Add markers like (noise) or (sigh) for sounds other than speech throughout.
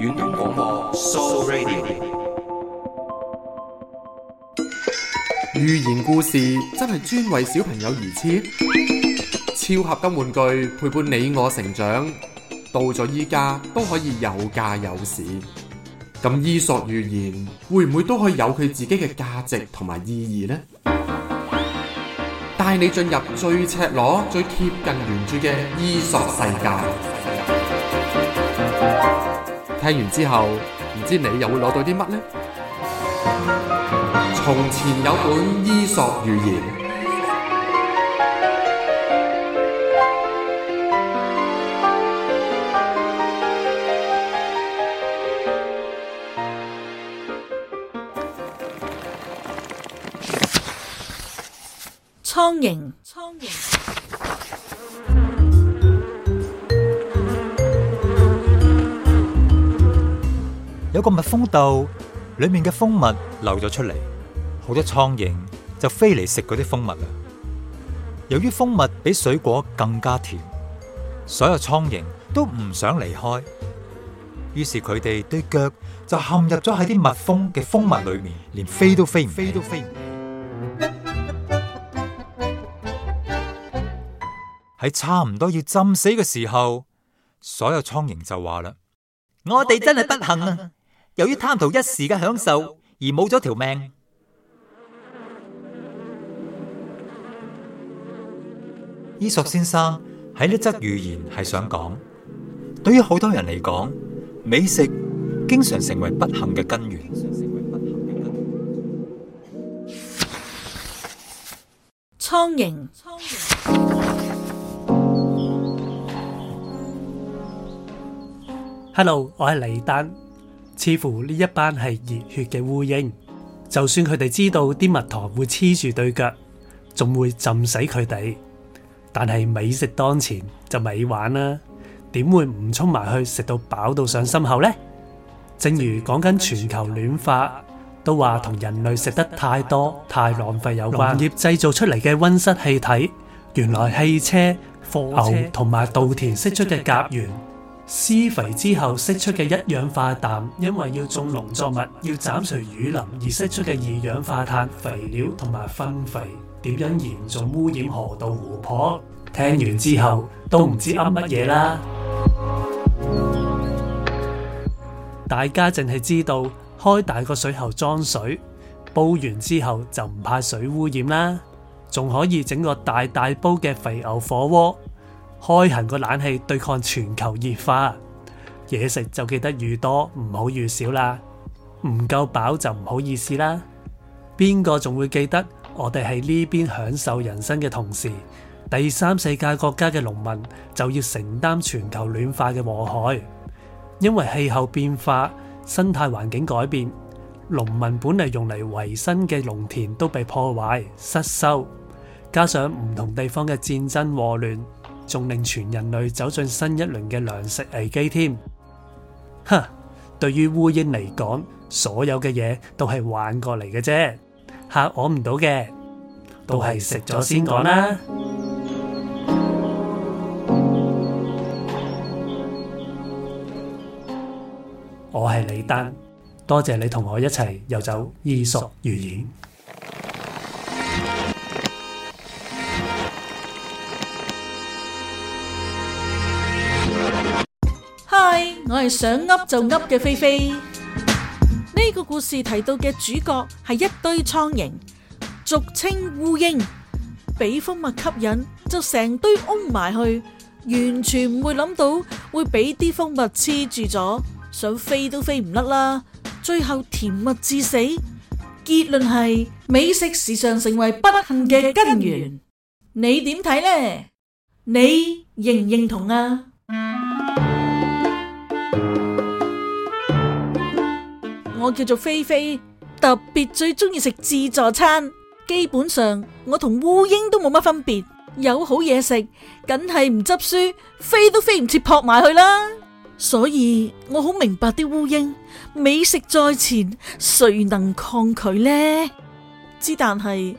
遠廣播，So Radio 寓言故事真係專為小朋友而設，超合金玩具陪伴你我成長，到咗依家都可以有價有市。咁伊索寓言會唔會都可以有佢自己嘅價值同埋意義呢？帶你進入最赤裸、最貼近原著嘅伊索世界。聽完之後，唔知你又會攞到啲乜呢？從前有本伊索寓言，蒼蠅，蒼蠅。有個蜜蜂竇，裏面嘅蜂蜜流咗出嚟，好多蒼蠅就飛嚟食嗰啲蜂蜜啦。由於蜂蜜比水果更加甜，所有蒼蠅都唔想離開，於是佢哋對腳就陷入咗喺啲蜜蜂嘅蜂蜜裏面，連飛都飛唔，飛都飛唔起。喺差唔多要浸死嘅時候，所有蒼蠅就話啦：我哋真係不幸啊！由於貪圖一時嘅享受而冇咗條命，伊索先生喺呢則寓言係想講，對於好多人嚟講，美食經常成為不幸嘅根源。蒼蠅。Hello，我係黎丹。似乎呢一班係熱血嘅烏蠅，就算佢哋知道啲蜜糖會黐住對腳，仲會浸死佢哋。但係美食當前就咪玩啦，點會唔衝埋去食到飽到上心口呢？正如講緊全球暖化，都話同人類食得太多太浪費有關。農業製造出嚟嘅溫室氣體，原來汽車、牛同埋稻田釋出嘅甲烷，施肥之後釋出嘅一氧化氮，因為要種農作物要斬除雨林而釋出嘅二氧化碳、肥料同埋糞肥，點樣嚴重污染河道湖泊？聽完之後都唔知噏乜嘢啦！大家淨係知道開大個水喉裝水，煲完之後就唔怕水污染啦，仲可以整個大大煲嘅肥牛火鍋。開行個冷氣對抗全球熱化，嘢食就記得預多唔好預少啦，唔夠飽就唔好意思啦。邊個仲會記得我哋喺呢邊享受人生嘅同時，第三世界國家嘅農民就要承擔全球暖化嘅禍害，因為氣候變化、生態環境改變，農民本嚟用嚟維生嘅農田都被破壞失收，加上唔同地方嘅戰爭禍亂。仲令全人類走進新一輪嘅糧食危機添，哼！對於烏蠅嚟講，所有嘅嘢都係玩過嚟嘅啫，嚇我唔到嘅，都係食咗先講啦。我係李丹，多謝你同我一齊遊走，伊索寓言。我係想噏就噏嘅飛飛。呢個故事提到嘅主角係一堆蒼蠅，俗稱烏蠅，俾蜂蜜吸引就成堆嗡埋去，完全唔會諗到會俾啲蜂蜜黐住咗，想飛都飛唔甩啦。最後甜蜜致死，結論係美食時常成為不幸嘅根源。你點睇呢？你認唔認同啊？我叫做菲菲，特別最中意食自助餐。基本上，我同烏蠅都冇乜分別。有好嘢食，梗係唔執輸，飛都飛唔切撲埋去啦。所以我好明白啲烏蠅，美食在前，誰能抗拒呢？之但係，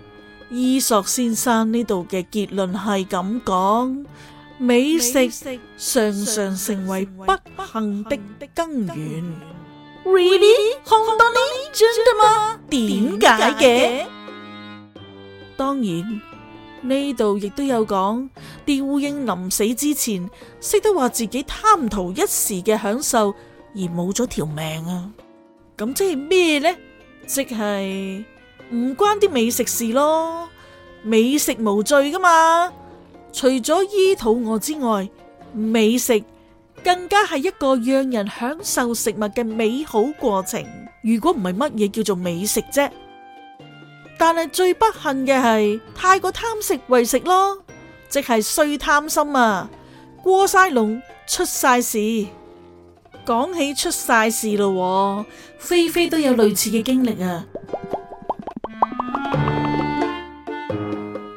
伊索先生呢度嘅結論係咁講：美食常常成為不幸的根源。Really，點解嘅？當然呢度亦都有講，啲烏蠅臨死之前識得話自己貪圖一時嘅享受而冇咗條命啊！咁即係咩呢？即係唔關啲美食事咯，美食無罪噶嘛？除咗醫肚餓之外，美食。更加係一個讓人享受食物嘅美好過程。如果唔係乜嘢叫做美食啫？但係最不幸嘅係太過貪食為食咯，即係衰貪心啊，過晒龍出晒事。講起出晒事咯，菲菲都有類似嘅經歷啊。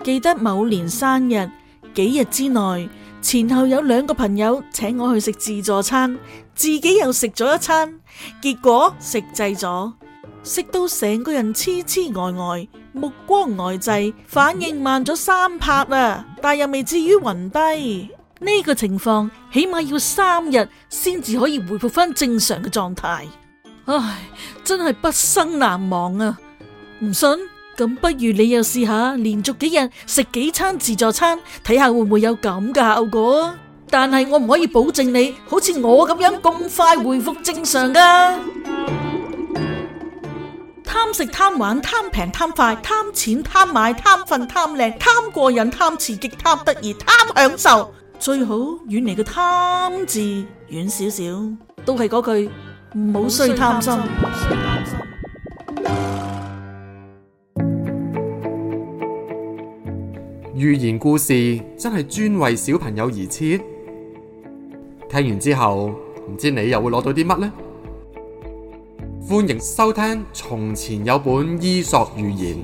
記得某年生日，幾日之內，前後有兩個朋友請我去食自助餐，自己又食咗一餐，結果食滯咗，食到成個人痴痴呆呆，目光呆滯，反應慢咗三拍啊！但又未至於暈低，呢個情況起碼要三日先至可以回復翻正常嘅狀態。唉，真係畢生難忘啊！唔信？咁不如你又試下連續幾日食幾餐自助餐，睇下會唔會有咁嘅效果？但係我唔可以保證你好似我咁樣咁快回復正常噶。貪食貪玩貪平貪快貪錢貪買貪瞓貪靚貪過癮貪刺激貪得意貪享受， (music) 最好遠離個貪字遠少少，點點都係嗰句，唔好衰貪心。寓言故事真係專為小朋友而設，聽完之後唔知你又會攞到啲乜呢？歡迎收聽《從前有本伊索寓言》。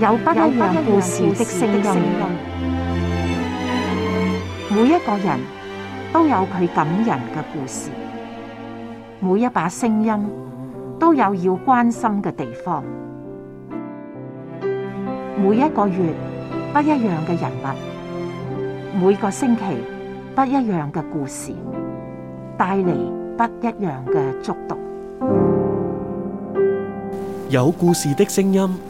有不一樣故事的聲音，每一個人都有佢感人嘅故事，每一把聲音都有要關心嘅地方，每一個月不一樣嘅人物，每個星期不一樣嘅故事，帶嚟不一樣嘅觸動。有故事的聲音。